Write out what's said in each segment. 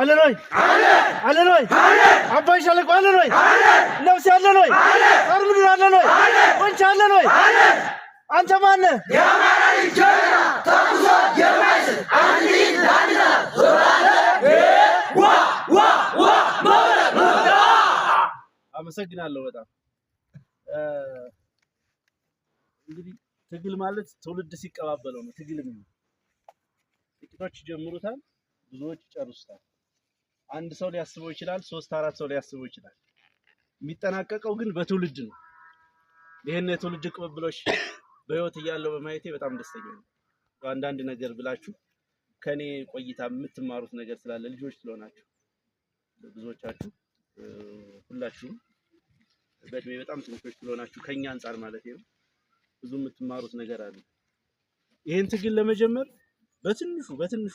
አለን ወይ አለን ወይ አባይ ሸለቆ አለን ወይ ነፍሴ አለን ወይ ጦር አለን ወይ ቁንቻ አለን ወይ አንተ ማነ የአማራ ልጅ ጀግና ተኩሶ የማይስት አንድ ለአንድ ዞራለ ዋ ዋ ዋ መብረቅ መብረቅ። አመሰግናለሁ በጣም እንግዲህ ትግል ማለት ትውልድ ሲቀባበለው ነው። ትግል ነው። ጥቂቶች ይጀምሩታል ብዙዎች ይጨርሱታል። አንድ ሰው ሊያስበው ይችላል። ሶስት አራት ሰው ሊያስበው ይችላል። የሚጠናቀቀው ግን በትውልድ ነው። ይህን የትውልድ ቅብብሎች በህይወት እያለው በማየቴ በጣም ደስተኛ ነው። አንዳንድ ነገር ብላችሁ ከኔ ቆይታ የምትማሩት ነገር ስላለ ልጆች ስለሆናችሁ ብዙዎቻችሁ ሁላችሁም በእድሜ በጣም ትንሾች ስለሆናችሁ ከኛ አንጻር ማለት ነው ብዙ የምትማሩት ነገር አለ። ይህን ትግል ለመጀመር በትንሹ በትንሹ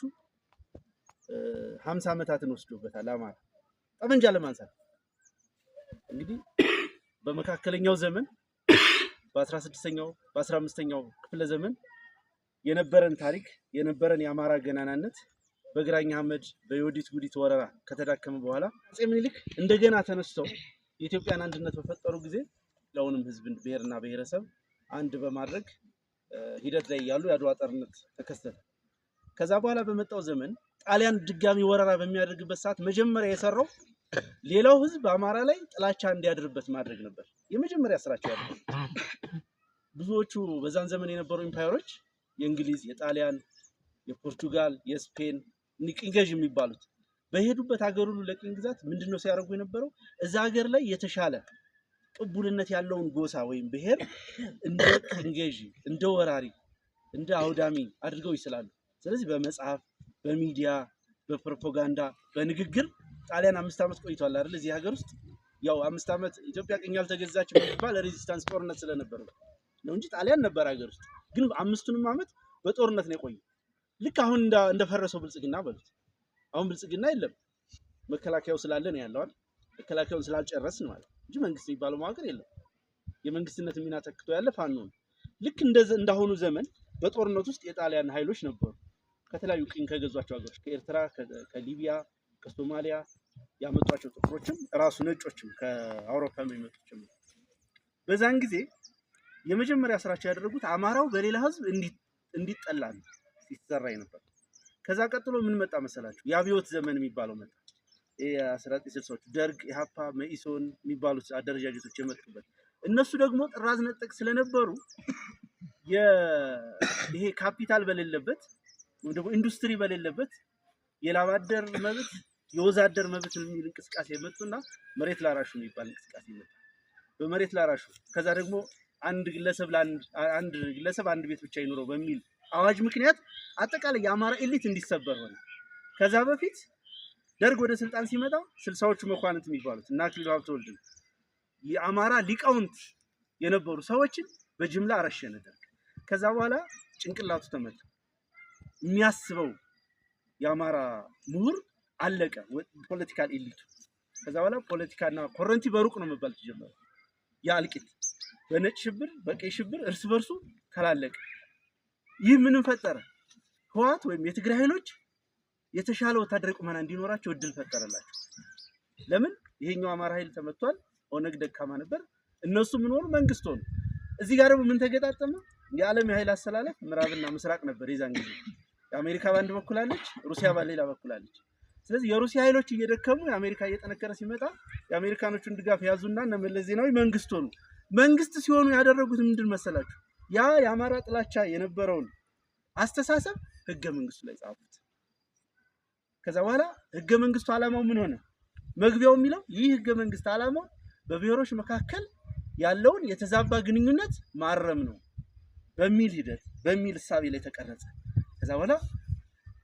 ሀምሳ ዓመታትን ወስዶበታል አማራ ጠመንጃ ለማንሳት። እንግዲህ በመካከለኛው ዘመን በአስራ ስድስተኛው በአስራ አምስተኛው ክፍለ ዘመን የነበረን ታሪክ የነበረን የአማራ ገናናነት በግራኝ አህመድ በዮዲት ጉዲት ወረራ ከተዳከመ በኋላ አፄ ምኒልክ እንደገና ተነስተው የኢትዮጵያን አንድነት በፈጠሩ ጊዜ ሁሉንም ህዝብ ብሔርና ብሔረሰብ አንድ በማድረግ ሂደት ላይ ያሉ የአድዋ ጦርነት ተከሰተ። ከዛ በኋላ በመጣው ዘመን ጣሊያን ድጋሚ ወረራ በሚያደርግበት ሰዓት መጀመሪያ የሰራው ሌላው ህዝብ አማራ ላይ ጥላቻ እንዲያድርበት ማድረግ ነበር። የመጀመሪያ ስራቸው ያለ ብዙዎቹ በዛን ዘመን የነበሩ ኢምፓየሮች የእንግሊዝ፣ የጣሊያን፣ የፖርቱጋል፣ የስፔን ቅኝ ገዥ የሚባሉት በሄዱበት ሀገር ሁሉ ለቅኝ ግዛት ምንድነው ሲያደርጉ የነበረው እዛ ሀገር ላይ የተሻለ ቅቡልነት ያለውን ጎሳ ወይም ብሔር እንደ ቅኝ እንደ ወራሪ፣ እንደ አውዳሚ አድርገው ይስላሉ። ስለዚህ በመጽሐፍ በሚዲያ በፕሮፓጋንዳ በንግግር ጣሊያን አምስት ዓመት ቆይቷል አይደል? እዚህ ሀገር ውስጥ ያው አምስት ዓመት ኢትዮጵያ ቅኝ ያልተገዛችው የሚባል ሬዚስታንስ ጦርነት ስለነበረ ነው እንጂ ጣሊያን ነበር ሀገር ውስጥ። ግን አምስቱንም ዓመት በጦርነት ነው የቆየ። ልክ አሁን እንደፈረሰው ብልጽግና በሉት። አሁን ብልጽግና የለም መከላከያው ስላለ ነው ያለዋል መከላከያውን ስላልጨረስን ማለት እንጂ መንግስት የሚባለው መዋቅር የለም። የመንግስትነት ሚና ተክቶ ያለ ፋኖ ነው። ልክ እንደ እንዳሁኑ ዘመን በጦርነት ውስጥ የጣሊያን ኃይሎች ነበሩ። ከተለያዩ ቅኝ ከገዟቸው ሀገሮች ከኤርትራ፣ ከሊቢያ፣ ከሶማሊያ ያመጧቸው ጥቁሮችም ራሱ ነጮችም ከአውሮፓ የሚመጡችም በዛን ጊዜ የመጀመሪያ ስራቸው ያደረጉት አማራው በሌላ ህዝብ እንዲጠላ ነው ሲሰራ ነበር። ከዛ ቀጥሎ ምን መጣ መሰላችሁ? የአብዮት ዘመን የሚባለው መጣ። ስልሳዎቹ ደርግ፣ ኢህአፓ፣ መኢሶን የሚባሉት አደረጃጀቶች የመጡበት እነሱ ደግሞ ጥራዝ ነጠቅ ስለነበሩ ይሄ ካፒታል በሌለበት ወይም ደግሞ ኢንዱስትሪ በሌለበት የላም አደር መብት የወዝ አደር መብት የሚል እንቅስቃሴ መጡና መሬት ላራሹ የሚባል እንቅስቃሴ መጡ። በመሬት ላራሹ ከዛ ደግሞ አንድ ግለሰብ አንድ ግለሰብ አንድ ቤት ብቻ ይኖረው በሚል አዋጅ ምክንያት አጠቃላይ የአማራ ኤሊት እንዲሰበር ሆነ። ከዛ በፊት ደርግ ወደ ስልጣን ሲመጣ ስልሳዎቹ መኳንንት የሚባሉት እና አክሊሉ ሀብተወልድን የአማራ ሊቃውንት የነበሩ ሰዎችን በጅምላ አረሸነ ደርግ። ከዛ በኋላ ጭንቅላቱ ተመታ። የሚያስበው የአማራ ምሁር አለቀ። ፖለቲካል ኤሊቱ ከዛ በኋላ ፖለቲካና ኮረንቲ በሩቅ ነው መባል ተጀመረ። የአልቂት በነጭ ሽብር፣ በቀይ ሽብር እርስ በርሱ ተላለቀ። ይህ ምንም ፈጠረ? ህወሓት ወይም የትግራይ ኃይሎች የተሻለ ወታደራዊ ቁመና እንዲኖራቸው እድል ፈጠረላቸው። ለምን ይሄኛው አማራ ኃይል ተመቷል፣ ኦነግ ደካማ ነበር። እነሱ ምን መንግስት ሆኑ። እዚህ ጋር ደግሞ ምን ተገጣጠመ? የዓለም የኃይል አሰላለፍ ምዕራብና ምስራቅ ነበር የዛን ጊዜ አሜሪካ በአንድ በኩል አለች፣ ሩሲያ በሌላ በኩል አለች። ስለዚህ የሩሲያ ኃይሎች እየደከሙ የአሜሪካ እየጠነከረ ሲመጣ የአሜሪካኖቹን ድጋፍ ያዙና እነ መለስ ዜናዊ መንግስት ሆኑ። መንግስት ሲሆኑ ያደረጉት ምንድን መሰላችሁ? ያ የአማራ ጥላቻ የነበረውን አስተሳሰብ ህገ መንግስቱ ላይ ጻፉት። ከዛ በኋላ ህገ መንግስቱ ዓላማው ምን ሆነ? መግቢያው የሚለው ይህ ህገ መንግስት አላማው በብሔሮች መካከል ያለውን የተዛባ ግንኙነት ማረም ነው በሚል ሂደት በሚል እሳቤ ላይ ተቀረጸ። ከዛ በኋላ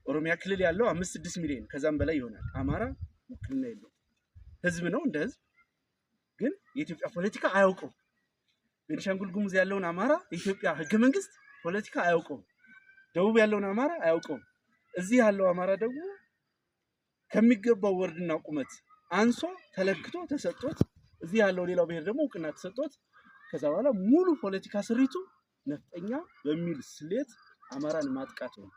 ኦሮሚያ ክልል ያለው አምስት ስድስት ሚሊዮን ከዛም በላይ ይሆናል። አማራ ውክልና የለው ህዝብ ነው እንደ ህዝብ ግን የኢትዮጵያ ፖለቲካ አያውቀው። ቤንሻንጉል ጉሙዝ ያለውን አማራ የኢትዮጵያ ህገ መንግስት ፖለቲካ አያውቀውም። ደቡብ ያለውን አማራ አያውቀውም። እዚህ ያለው አማራ ደግሞ ከሚገባው ወርድና ቁመት አንሶ ተለክቶ ተሰጦት እዚህ ያለው ሌላው ብሔር ደግሞ እውቅና ተሰጦት ከዛ በኋላ ሙሉ ፖለቲካ ስሪቱ ነፍጠኛ በሚል ስሌት አማራን ማጥቃት ነው።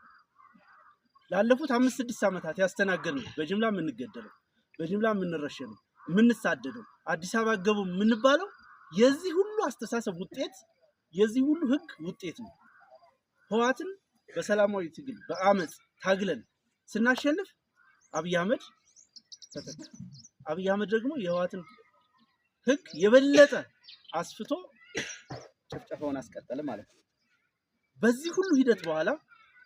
ላለፉት አምስት ስድስት ዓመታት ያስተናገድ ነው። በጅምላ የምንገደለው፣ በጅምላ የምንረሸነው፣ የምንሳደደው፣ አዲስ አበባ ገቡ የምንባለው የዚህ ሁሉ አስተሳሰብ ውጤት የዚህ ሁሉ ህግ ውጤት ነው። ህወሓትን በሰላማዊ ትግል በአመፅ ታግለን ስናሸንፍ አብይ አህመድ ተተካ። አብይ አህመድ ደግሞ የህወሓትን ህግ የበለጠ አስፍቶ ጭፍጨፋውን አስቀጠለ ማለት ነው። በዚህ ሁሉ ሂደት በኋላ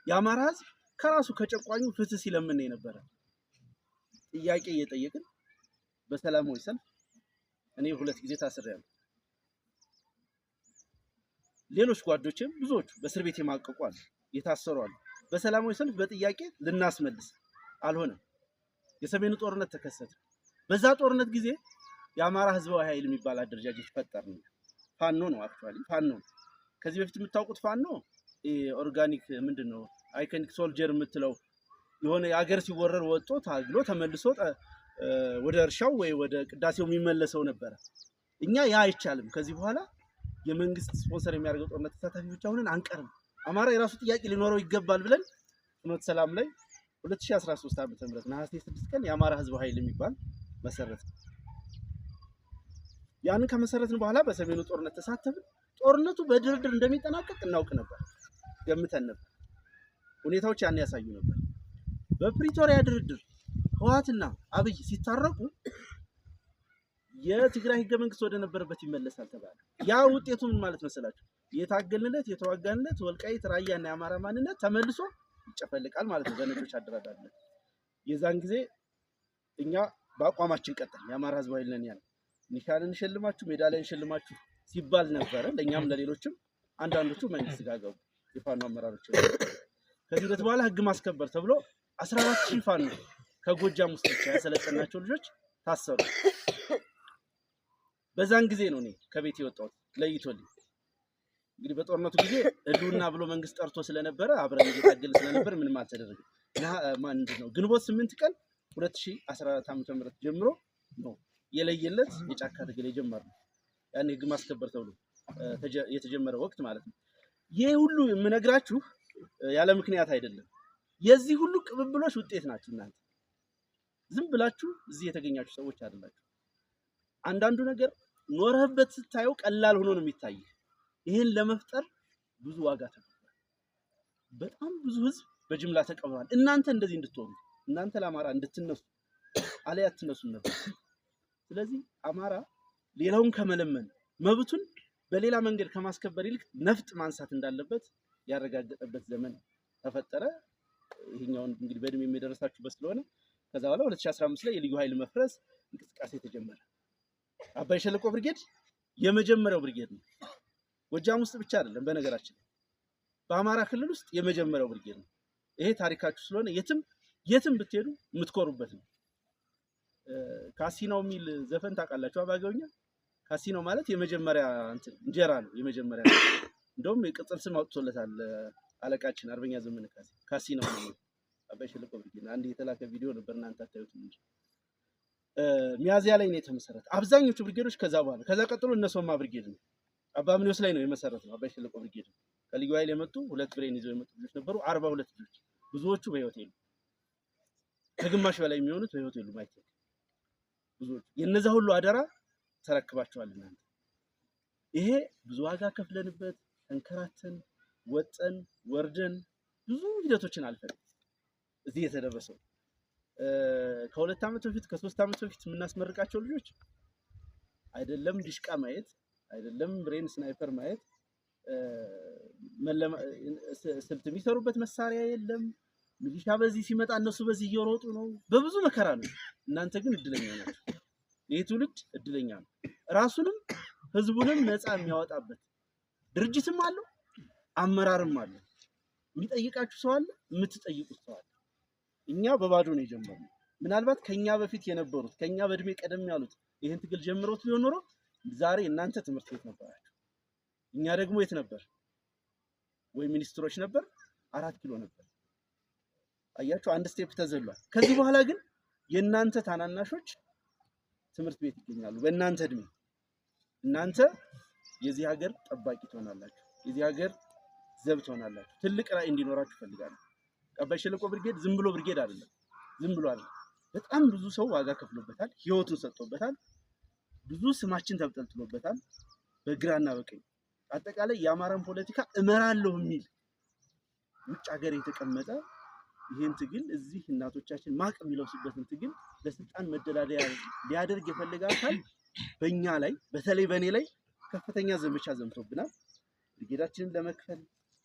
የአማራ ህዝብ ከራሱ ከጨቋኙ ፍትህ ሲለምን የነበረ ጥያቄ እየጠየቅን በሰላማዊ ሰልፍ እኔ ሁለት ጊዜ ታስሬያለሁ። ሌሎች ጓዶችም ብዙዎቹ በእስር ቤት የማቀቁ አሉ፣ የታሰሩ አሉ። በሰላማዊ ሰልፍ በጥያቄ ልናስመልስ አልሆነም። የሰሜኑ ጦርነት ተከሰተ። በዛ ጦርነት ጊዜ የአማራ ህዝባዊ ኃይል የሚባል አደረጃጀት ነው። ፋኖ ነው፣ አክቹዋሊ ፋኖ ነው። ከዚህ በፊት የምታውቁት ፋኖ ኦርጋኒክ ምንድን ነው አይከኒክ ሶልጀር የምትለው የሆነ የሀገር ሲወረር ወጥቶ ታግሎ ተመልሶ ወደ እርሻው ወይ ወደ ቅዳሴው የሚመለሰው ነበረ። እኛ ያ አይቻልም። ከዚህ በኋላ የመንግስት ስፖንሰር የሚያደርገው ጦርነት ብቻ ሆነን አንቀርም። አማራ የራሱ ጥያቄ ሊኖረው ይገባል ብለን ፍኖተ ሰላም ላይ 2013 ዓ.ም ነሐሴ 6 ቀን የአማራ ህዝብ ኃይል የሚባል መሰረት ያንን ከመሰረትን በኋላ በሰሜኑ ጦርነት ተሳተፍን። ጦርነቱ በድርድር እንደሚጠናቀቅ እናውቅ ነበር። ገምተን ነበር። ሁኔታዎች ያን ያሳዩ ነበር። በፕሪቶሪያ ድርድር ህወሓትና አብይ ሲታረቁ የትግራይ ህገ መንግስት ወደ ነበረበት ይመለሳል ተባለ። ያ ውጤቱ ምን ማለት መሰላችሁ? የታገልንለት የተዋጋንለት ወልቃይት ራያና የአማራ ማንነት ተመልሶ ይጨፈልቃል ማለት ነው። በነጮች አደረዳለን። የዛን ጊዜ እኛ በአቋማችን ቀጠል የአማራ ህዝብ አይለን ያለ ኒካል እንሸልማችሁ ሜዳሊያ እንሸልማችሁ ሲባል ነበረ። ለእኛም ለሌሎችም አንዳንዶቹ መንግስት ጋር ገቡ። የፋኖ አመራሮች ከዚህ በኋላ ህግ ማስከበር ተብሎ አስራ አራት ሺህ ፋኖ ከጎጃም ውስጥ ብቻ ያሰለጠናቸው ልጆች ታሰሩ። በዛን ጊዜ ነው እኔ ከቤት የወጣሁት ለይቶልኝ። እንግዲህ በጦርነቱ ጊዜ እዱና ብሎ መንግስት ጠርቶ ስለነበረ አብረን እየታገል ስለነበር ምንም አልተደረገ። ምንድን ነው ግንቦት ስምንት ቀን ሁለት ሺህ አስራ አራት ዓመተ ምህረት ጀምሮ ነው የለየለት የጫካ ትግል የጀመርነው ያን ህግ ማስከበር ተብሎ የተጀመረ ወቅት ማለት ነው። ይህ ሁሉ የምነግራችሁ ያለ ምክንያት አይደለም። የዚህ ሁሉ ቅብብሎች ውጤት ናችሁ እናንተ። ዝም ብላችሁ እዚህ የተገኛችሁ ሰዎች አይደላችሁ። አንዳንዱ ነገር ኖረህበት ስታየው ቀላል ሆኖ ነው የሚታይ። ይህን ለመፍጠር ብዙ ዋጋ ተከፍሏል። በጣም ብዙ ህዝብ በጅምላ ተቀብሯል። እናንተ እንደዚህ እንድትሆኑ እናንተ ለአማራ እንድትነሱ አለያ አትነሱም ነበር። ስለዚህ አማራ ሌላውን ከመለመን መብቱን በሌላ መንገድ ከማስከበር ይልቅ ነፍጥ ማንሳት እንዳለበት ያረጋገጠበት ዘመን ተፈጠረ። ይህኛውን እንግዲህ በእድሜ የሚደረሳችሁበት ስለሆነ ከዛ በኋላ 2015 ላይ የልዩ ኃይል መፍረስ እንቅስቃሴ ተጀመረ። አባይ ሸለቆ ብርጌድ የመጀመሪያው ብርጌድ ነው። ጎጃም ውስጥ ብቻ አይደለም፣ በነገራችን በአማራ ክልል ውስጥ የመጀመሪያው ብርጌድ ነው። ይሄ ታሪካችሁ ስለሆነ የትም የትም ብትሄዱ የምትኮሩበት ነው። ካሲናው የሚል ዘፈን ታውቃላችሁ አባገውኛ ካሲኖ ማለት የመጀመሪያ እንትን እንጀራ ነው። የመጀመሪያ እንደውም የቅጽል ስም አውጥቶለታል አለቃችን አርበኛ ዘመነ ካሴ ካሲኖ አባይ ሸለቆ ብርጌድ አንድ የተላከ ቪዲዮ ነበር፣ እናንተ አታዩትም እንጂ ሚያዚያ ላይ ነው የተመሰረተ። አብዛኞቹ ብርጌዶች ከዛ በኋላ ከዛ ቀጥሎ እነሶማ ብርጌድ ነው አባ ምንዮስ ላይ ነው የመሰረት ነው። አባይ ሸለቆ ብርጌድ ከልዩ ኃይል የመጡ ሁለት ብሬን ይዘው የመጡ ልጆች ነበሩ፣ አርባ ሁለት ልጆች ብዙዎቹ በህይወት የሉ፣ ከግማሽ በላይ የሚሆኑት በህይወት የሉ። ማይክ ብዙዎቹ የነዛ ሁሉ አደራ ተረክባችኋል እናንተ። ይሄ ብዙ ዋጋ ከፍለንበት ተንከራተን ወጠን ወርደን ብዙ ሂደቶችን አልፈን እዚህ የተደረሰው ከሁለት ዓመት በፊት ከሶስት ዓመት በፊት የምናስመርቃቸው ልጆች አይደለም ዲሽቃ ማየት አይደለም ብሬን ስናይፐር ማየት ስልት የሚሰሩበት መሳሪያ የለም። ሚሊሻ በዚህ ሲመጣ እነሱ በዚህ እየሮጡ ነው። በብዙ መከራ ነው። እናንተ ግን እድለኛ ናቸው። ይህ ትውልድ እድለኛ ነው። ራሱንም ህዝቡንም ነፃ የሚያወጣበት ድርጅትም አለው፣ አመራርም አለው። የሚጠይቃችሁ ሰው አለ፣ የምትጠይቁት ሰው አለ። እኛ በባዶ ነው የጀመርነው። ምናልባት ከኛ በፊት የነበሩት ከኛ በእድሜ ቀደም ያሉት ይህን ትግል ጀምሮት ቢሆን ኖሮ ዛሬ እናንተ ትምህርት ቤት ነበራችሁ። እኛ ደግሞ የት ነበር? ወይ ሚኒስትሮች ነበር፣ አራት ኪሎ ነበር። አያችሁ፣ አንድ ስቴፕ ተዘሏል። ከዚህ በኋላ ግን የእናንተ ታናናሾች ትምህርት ቤት ይገኛሉ። በእናንተ እድሜ እናንተ የዚህ ሀገር ጠባቂ ትሆናላችሁ። የዚህ ሀገር ዘብ ትሆናላችሁ። ትልቅ ራዕይ እንዲኖራችሁ እፈልጋለሁ። ቀባይ ሸለቆ ብርጌድ ዝም ብሎ ብርጌድ አይደለም፣ ዝም ብሎ አይደለም። በጣም ብዙ ሰው ዋጋ ከፍሎበታል፣ ህይወቱን ሰጥቶበታል፣ ብዙ ስማችን ተብጠልጥሎበታል። በግራና በቀኝ አጠቃላይ የአማራን ፖለቲካ እመራለሁ የሚል ውጭ ሀገር የተቀመጠ ይህን ትግል እዚህ እናቶቻችን ማቅ የሚለብሱበትን ትግል ለስልጣን መደላደያ ሊያደርግ የፈለገ አካል በእኛ ላይ በተለይ በእኔ ላይ ከፍተኛ ዘመቻ ዘምቶብናል። ብርጌዳችንን ለመክፈል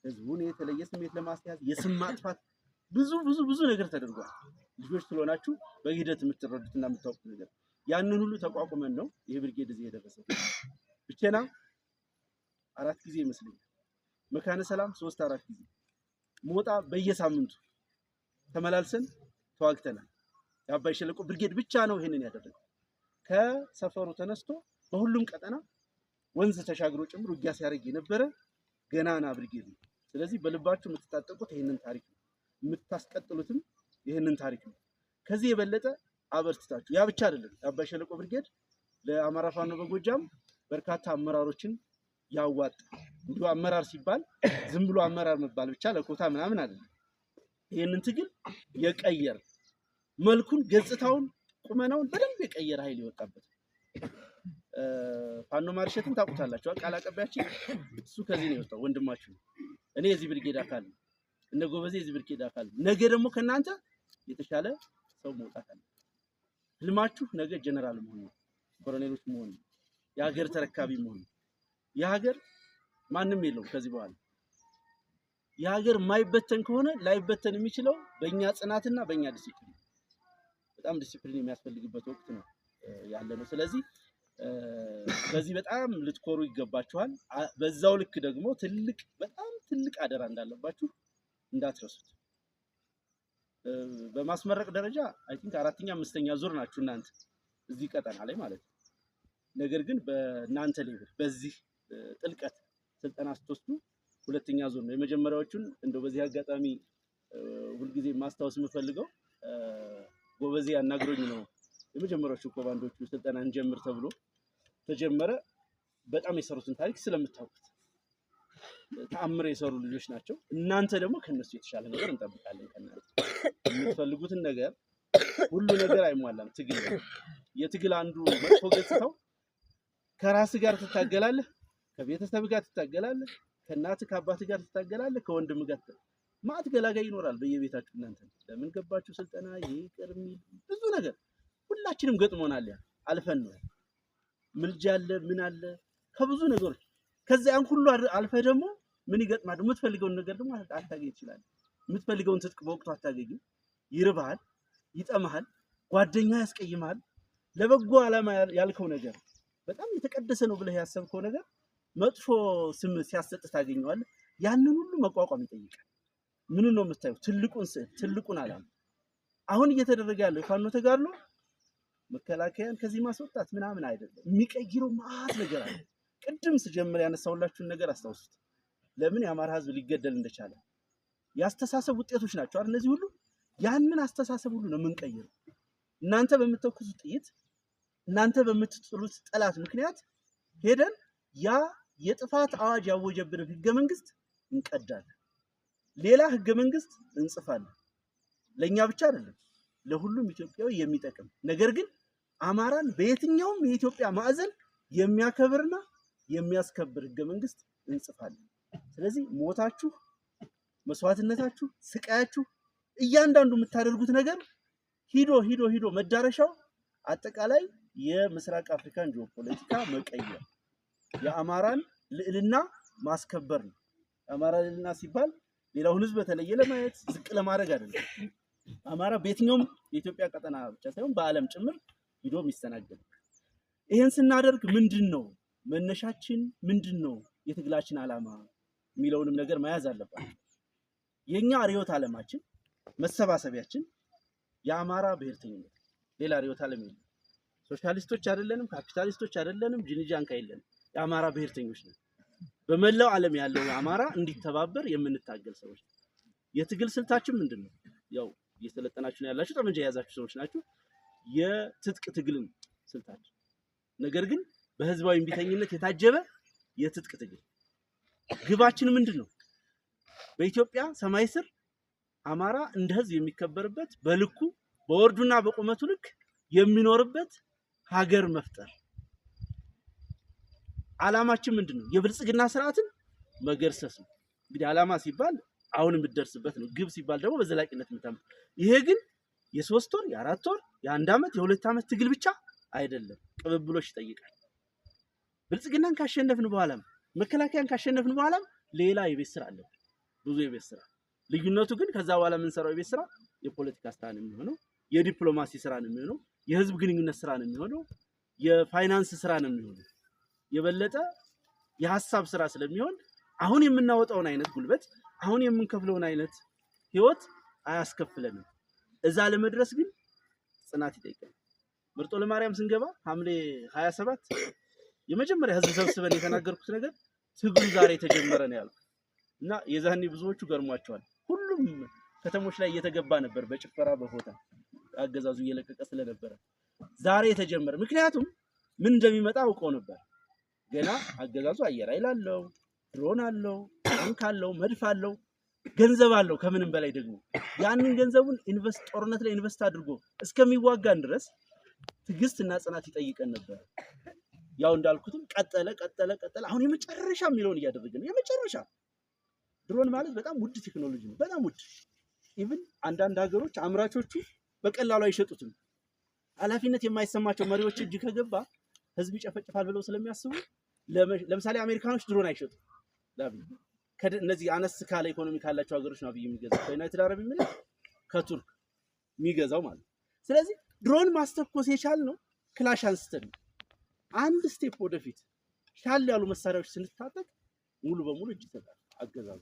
ህዝቡን የተለየ ስሜት ለማስያዝ የስም ማጥፋት ብዙ ብዙ ብዙ ነገር ተደርጓል። ልጆች ስለሆናችሁ በሂደት እና የምታውቁት ነገር ያንን ሁሉ ተቋቁመን ነው ይህ ብርጌድ እዚህ የደረሰው። ብቸና አራት ጊዜ ይመስለኛል፣ መካነ ሰላም ሶስት አራት ጊዜ፣ ሞጣ በየሳምንቱ ተመላልሰን ተዋግተናል። የአባይ ሸለቆ ብርጌድ ብቻ ነው ይህንን ያደረገው። ከሰፈሩ ተነስቶ በሁሉም ቀጠና ወንዝ ተሻግሮ ጭምር ውጊያ ሲያደርግ የነበረ ገናና ብርጌድ ነው። ስለዚህ በልባችሁ የምትታጠቁት ይህንን ታሪክ ነው፣ የምታስቀጥሉትም ይህንን ታሪክ ነው። ከዚህ የበለጠ አበርትታችሁ ያ ብቻ አይደለም። የአባይ ሸለቆ ብርጌድ ለአማራ ፋኖ በጎጃም በርካታ አመራሮችን ያዋጣ። እንዲሁ አመራር ሲባል ዝም ብሎ አመራር መባል ብቻ ለኮታ ምናምን አይደለም። ይህንን ትግል የቀየር መልኩን፣ ገጽታውን፣ ቁመናውን በደንብ የቀየረ ኃይል የወጣበት ፋኖ ማርሸትን ታውቁታላችሁ። ቃል አቀባያችን እሱ ከዚህ ነው የወጣው፣ ወንድማችሁ ነው። እኔ የዚህ ብርጌድ አካል ነው። እነ ጎበዜ የዚህ ብርጌድ አካል ነው። ነገ ደግሞ ከእናንተ የተሻለ ሰው መውጣት አለ። ህልማችሁ ነገ ጀነራል መሆን ነው፣ ኮሎኔሎች መሆን ነው፣ የሀገር ተረካቢ መሆን ነው። የሀገር ማንም የለውም ከዚህ በኋላ የሀገር ማይበተን ከሆነ ላይበተን የሚችለው በእኛ ጽናትና በእኛ ዲሲፕሊን፣ በጣም ዲሲፕሊን የሚያስፈልግበት ወቅት ነው ያለ ነው። ስለዚህ በዚህ በጣም ልትኮሩ ይገባችኋል። በዛው ልክ ደግሞ ትልቅ በጣም ትልቅ አደራ እንዳለባችሁ እንዳትረሱት። በማስመረቅ ደረጃ አይ ቲንክ አራተኛ አምስተኛ ዙር ናችሁ እናንተ እዚህ ቀጠና ላይ ማለት ነው። ነገር ግን በእናንተ ሌቭል በዚህ ጥልቀት ስልጠና ስትወስዱ ሁለተኛ ዙር ነው። የመጀመሪያዎቹን እንደው በዚህ አጋጣሚ ሁልጊዜ ማስታወስ የምፈልገው ጎበዜ አናግሮኝ ነው የመጀመሪያዎቹ እኮ ባንዶቹ ስልጠና እንጀምር ተብሎ ተጀመረ። በጣም የሰሩትን ታሪክ ስለምታውቁት ተአምር የሰሩ ልጆች ናቸው። እናንተ ደግሞ ከነሱ የተሻለ ነገር እንጠብቃለን። ከእናንተ የምትፈልጉትን ነገር ሁሉ ነገር አይሟላም። ትግል የትግል አንዱ መጥፎ ገጽታው ከራስ ጋር ትታገላለህ፣ ከቤተሰብ ጋር ትታገላለህ ከእናት ከአባት ጋር ትታገላለህ፣ ከወንድም ጋር ማዕት ገላጋይ ይኖራል በየቤታችሁ እናንተ ለምን ገባችሁ ስልጠና ይቅር የሚል ብዙ ነገር ሁላችንም ገጥሞናል። ያ አልፈን ነው ምልጃ አለ ምን አለ ከብዙ ነገሮች ከዚያን ሁሉ አልፈ ደግሞ ምን ይገጥማል? የምትፈልገውን ነገር ደግሞ አታገኝ ይችላል። የምትፈልገውን ትጥቅ በወቅቱ አታገኝም። ይርባሃል፣ ይጠማሃል፣ ጓደኛ ያስቀይማል። ለበጎ ዓላማ ያልከው ነገር በጣም የተቀደሰ ነው ብለህ ያሰብከው ነገር መጥፎ ስም ሲያሰጥ ታገኘዋል። ያንን ሁሉ መቋቋም ይጠይቃል። ምን ነው የምታየው? ትልቁን ስዕል፣ ትልቁን አላም አሁን እየተደረገ ያለው የፋኖ ተጋድሎ መከላከያን ከዚህ ማስወጣት ምናምን አይደለም። የሚቀይረው ማት ነገር አለ። ቅድም ስጀምር ያነሳውላችሁን ነገር አስታውሱት። ለምን የአማራ ህዝብ ሊገደል እንደቻለ የአስተሳሰብ ውጤቶች ናቸው አይደል? እነዚህ ሁሉ ያንን አስተሳሰብ ሁሉ ነው የምንቀይረው። እናንተ በምትተኩሱት ጥይት፣ እናንተ በምትጥሉት ጠላት ምክንያት ሄደን ያ የጥፋት አዋጅ ያወጀብንን ህገ መንግስት እንቀዳለን። ሌላ ህገ መንግስት እንጽፋለን። ለእኛ ብቻ አይደለም፣ ለሁሉም ኢትዮጵያዊ የሚጠቅም ነገር ግን አማራን በየትኛውም የኢትዮጵያ ማዕዘን የሚያከብርና የሚያስከብር ህገ መንግስት እንጽፋለን። ስለዚህ ሞታችሁ፣ መስዋዕትነታችሁ፣ ስቃያችሁ፣ እያንዳንዱ የምታደርጉት ነገር ሂዶ ሂዶ ሂዶ መዳረሻው አጠቃላይ የምስራቅ አፍሪካን ጂኦፖለቲካ መቀየር የአማራን ልዕልና ማስከበር ነው። አማራ ልዕልና ሲባል ሌላውን ህዝብ በተለየ ለማየት ዝቅ ለማድረግ አይደለም። አማራ በየትኛውም የኢትዮጵያ ቀጠና ብቻ ሳይሆን በዓለም ጭምር ሂዶ የሚስተናገድ ይህን ስናደርግ ምንድን ነው መነሻችን፣ ምንድን ነው የትግላችን ዓላማ የሚለውንም ነገር መያዝ አለባት። የእኛ ርዕዮተ ዓለማችን መሰባሰቢያችን የአማራ ብሔርተኝነት ሌላ ርዕዮተ ዓለም የለም። ሶሻሊስቶች አይደለንም፣ ካፒታሊስቶች አይደለንም፣ ጅንጃንካ የለንም። የአማራ ብሔርተኞች ነን። በመላው ዓለም ያለው አማራ እንዲተባበር የምንታገል ሰዎች ነን። የትግል ስልታችን ምንድን ነው? ያው እየሰለጠናችሁ ያላችሁ ጠመንጃ የያዛችሁ ሰዎች ናችሁ። የትጥቅ ትግልን ስልታችን ነገር ግን በህዝባዊ እምቢተኝነት የታጀበ የትጥቅ ትግል ግባችን ምንድን ነው? በኢትዮጵያ ሰማይ ስር አማራ እንደ ህዝብ የሚከበርበት በልኩ በወርዱና በቁመቱ ልክ የሚኖርበት ሀገር መፍጠር አላማችን ምንድን ነው? የብልጽግና ስርዓትን መገርሰስ ነው። እንግዲህ አላማ ሲባል አሁን የምትደርስበት ነው። ግብ ሲባል ደግሞ በዘላቂነት ምታም። ይሄ ግን የሶስት ወር የአራት ወር የአንድ ዓመት የሁለት ዓመት ትግል ብቻ አይደለም፣ ቅብብሎች ይጠይቃል። ብልጽግናን ካሸነፍን በኋላም መከላከያን ካሸነፍን በኋላም ሌላ የቤት ስራ አለ፣ ብዙ የቤት ስራ። ልዩነቱ ግን ከዛ በኋላ የምንሰራው የቤት ስራ የፖለቲካ ስራ ነው የሚሆነው፣ የዲፕሎማሲ ስራ ነው የሚሆነው፣ የህዝብ ግንኙነት ስራ ነው የሚሆነው፣ የፋይናንስ ስራ ነው የሚሆነው። የበለጠ የሀሳብ ስራ ስለሚሆን አሁን የምናወጣውን አይነት ጉልበት አሁን የምንከፍለውን አይነት ህይወት አያስከፍለንም። እዛ ለመድረስ ግን ጽናት ይጠይቃል። መርጦ ለማርያም ስንገባ ሐምሌ 27 የመጀመሪያ ህዝብ ሰብስበን የተናገርኩት ነገር ትግሉ ዛሬ ተጀመረ ነው ያልኩት እና የዛኔ ብዙዎቹ ገርሟቸዋል። ሁሉም ከተሞች ላይ እየተገባ ነበር በጭፈራ በቦታ አገዛዙ እየለቀቀ ስለነበረ ዛሬ የተጀመረ ምክንያቱም ምን እንደሚመጣ አውቀው ነበር። ገና አገዛዙ አየር ኃይል አለው፣ ድሮን አለው፣ ታንክ አለው፣ መድፍ አለው፣ ገንዘብ አለው። ከምንም በላይ ደግሞ ያንን ገንዘቡን ኢንቨስት ጦርነት ላይ ኢንቨስት አድርጎ እስከሚዋጋን ድረስ ትዕግስት እና ጽናት ይጠይቀን ነበር። ያው እንዳልኩትም ቀጠለ ቀጠለ ቀጠለ። አሁን የመጨረሻ የሚለውን እያደረገ ነው። የመጨረሻ ድሮን ማለት በጣም ውድ ቴክኖሎጂ ነው። በጣም ውድ ኢቭን አንዳንድ ሀገሮች አምራቾቹ በቀላሉ አይሸጡትም። ኃላፊነት የማይሰማቸው መሪዎች እጅ ከገባ ህዝብ ይጨፈጭፋል ብለው ስለሚያስቡ ለምሳሌ አሜሪካኖች ድሮን አይሸጡም። ለአብይ እነዚህ አነስ ካለ ኢኮኖሚ ካላቸው ሀገሮች ነው አብይ የሚገዛው ከዩናይትድ አረብ ኤሚሬት ከቱርክ የሚገዛው ማለት ነው። ስለዚህ ድሮን ማስተኮስ የቻል ነው ክላሽ አንስተን አንድ ስቴፕ ወደፊት ሻል ያሉ መሳሪያዎች ስንታጠቅ ሙሉ በሙሉ እጅ ይሰጣል አገዛዙ።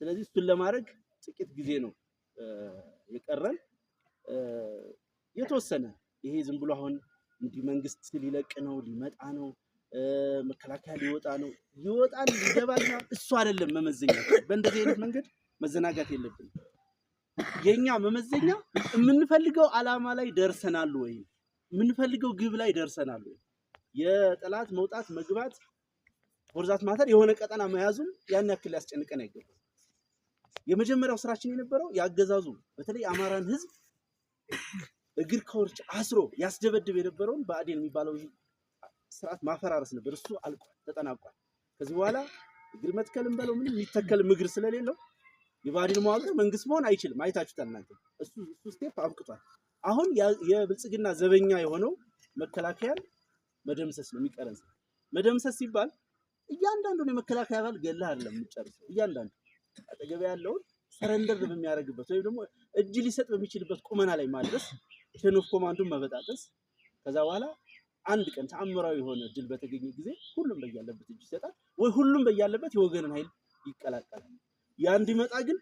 ስለዚህ እሱን ለማድረግ ጥቂት ጊዜ ነው የቀረን የተወሰነ ይሄ ዝም ብሎ አሁን እንዲህ መንግስት ሊለቅ ነው ሊመጣ ነው መከላከያ ሊወጣ ነው ይወጣል ይገባል እሱ አይደለም መመዘኛ። በእንደዚህ አይነት መንገድ መዘናጋት የለብን የኛ መመዘኛ የምንፈልገው አላማ ላይ ደርሰናል ወይ? የምንፈልገው ግብ ላይ ደርሰናል ወይ? የጠላት መውጣት መግባት ወርዛት ማተር የሆነ ቀጠና መያዙም ያን ያክል ያስጨንቀን አይገባም። የመጀመሪያው ስራችን የነበረው የአገዛዙ በተለይ የአማራን ህዝብ እግር ከወርች አስሮ ያስደበድብ የነበረውን በአዴን የሚባለው ስርዓት ማፈራረስ ነበር። እሱ አልቋል፣ ተጠናቋል። ከዚህ በኋላ እግር መትከልም በለው ምንም የሚተከልም እግር ስለሌለው የባዕዲን መዋቅር መንግስት መሆን አይችልም። አይታችሁታል እናንተ። እሱ እሱ ስቴፕ አብቅቷል። አሁን የብልጽግና ዘበኛ የሆነው መከላከያን መደምሰስ ነው የሚቀረን። መደምሰስ ሲባል እያንዳንዱን የመከላከያ አባል ገላ አይደለም የምትጨርሰው። እያንዳንዱ አጠገብ ያለውን ሰረንደር በሚያደርግበት ወይም ደግሞ እጅ ሊሰጥ በሚችልበት ቁመና ላይ ማድረስ ቼን ኦፍ ኮማንዱን መበጣጠስ ከዛ በኋላ አንድ ቀን ተአምራዊ የሆነ ድል በተገኘ ጊዜ ሁሉም በያለበት እጅ ይሰጣል ወይ ሁሉም በያለበት የወገንን ኃይል ይቀላቀላል። ያ እንዲመጣ ግን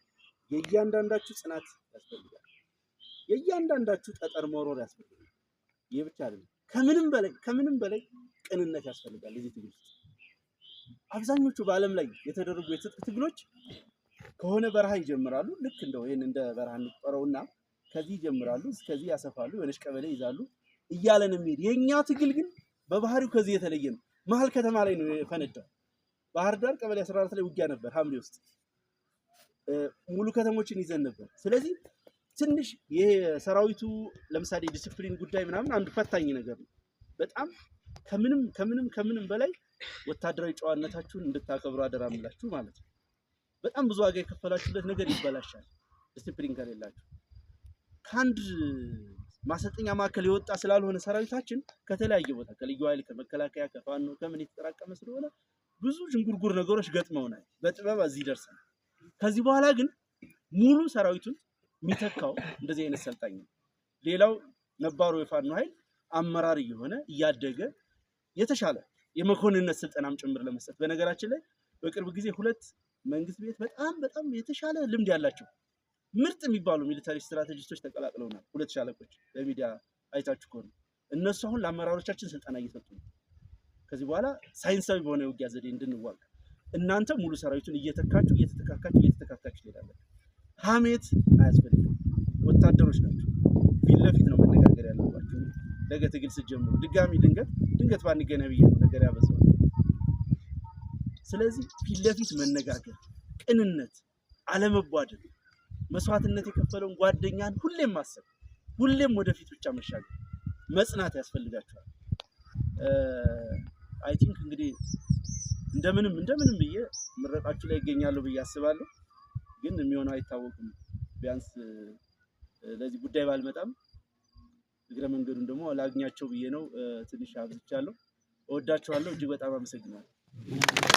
የእያንዳንዳችሁ ጽናት ያስፈልጋል። የእያንዳንዳችሁ ጠጠር መሮር ያስፈልጋል። ይህ ብቻ አይደለም፣ ከምንም በላይ ከምንም በላይ ቅንነት ያስፈልጋል። እዚህ ትግል ውስጥ አብዛኞቹ በዓለም ላይ የተደረጉ የትጥቅ ትግሎች ከሆነ በረሃ ይጀምራሉ። ልክ እንደው ይህን እንደ በረሃ እንቁጠረውና ከዚህ ይጀምራሉ፣ እስከዚህ ያሰፋሉ፣ የሆነች ቀበሌ ይዛሉ እያለ ነው የሚሄድ። የእኛ ትግል ግን በባህሪው ከዚህ የተለየ ነው። መሀል ከተማ ላይ ነው የፈነዳው። ባህር ዳር ቀበሌ 14 ላይ ውጊያ ነበር ሐምሌ ውስጥ ሙሉ ከተሞችን ይዘን ነበር። ስለዚህ ትንሽ ይሄ ሰራዊቱ ለምሳሌ ዲስፕሊን ጉዳይ ምናምን አንድ ፈታኝ ነገር ነው። በጣም ከምንም ከምንም ከምንም በላይ ወታደራዊ ጨዋነታችሁን እንድታከብሩ አደራምላችሁ ማለት ነው። በጣም ብዙ ዋጋ የከፈላችሁለት ነገር ይበላሻል ዲስፕሊን ከሌላችሁ። ከአንድ ማሰልጠኛ ማዕከል የወጣ ስላልሆነ ሰራዊታችን ከተለያየ ቦታ ከልዩ ኃይል ከመከላከያ ከፋኖ ከምን የተጠራቀመ ስለሆነ ብዙ ዥንጉርጉር ነገሮች ገጥመውናል። በጥበብ እዚህ ደርሰናል። ከዚህ በኋላ ግን ሙሉ ሰራዊቱን የሚተካው እንደዚህ አይነት ሰልጣኝ ነው። ሌላው ነባሩ የፋኖ ኃይል አመራር እየሆነ እያደገ የተሻለ የመኮንነት ስልጠናም ጭምር ለመስጠት በነገራችን ላይ በቅርብ ጊዜ ሁለት መንግስት ቤት በጣም በጣም የተሻለ ልምድ ያላቸው ምርጥ የሚባሉ ሚሊታሪ ስትራቴጂስቶች ተቀላቅለውናል። ሁለት ሻለቆች በሚዲያ አይታችሁ ከሆነ እነሱ አሁን ለአመራሮቻችን ስልጠና እየሰጡ ነው። ከዚህ በኋላ ሳይንሳዊ በሆነ የውጊያ ዘዴ እንድንዋጋ እናንተ ሙሉ ሰራዊቱን እየተካችሁ እየተተካካችሁ እየተተካካችሁ ትሄዳለን። ሀሜት አያስፈልግም። ወታደሮች ናቸው። ፊት ለፊት ነው መነጋገር ያለባቸው። ነገ ትግል ስትጀምሩ ድጋሚ ድንገት ድንገት ባንገናኝ ብዬ ነው ነገር ያበዛው። ስለዚህ ፊት ለፊት መነጋገር፣ ቅንነት፣ አለመቧደል መስዋዕትነት የከፈለውን ጓደኛን ሁሌም ማሰብ፣ ሁሌም ወደፊት ብቻ መሻገር፣ መጽናት ያስፈልጋቸዋል። አይ ቲንክ እንግዲህ እንደምንም እንደምንም ብዬ ምረቃችሁ ላይ ይገኛሉ ብዬ አስባለሁ። ግን የሚሆነው አይታወቅም። ቢያንስ ለዚህ ጉዳይ ባልመጣም እግረ መንገዱን ደግሞ ላግኛቸው ብዬ ነው። ትንሽ አብዝቻለሁ። እወዳችኋለሁ። እጅግ በጣም አመሰግናለሁ።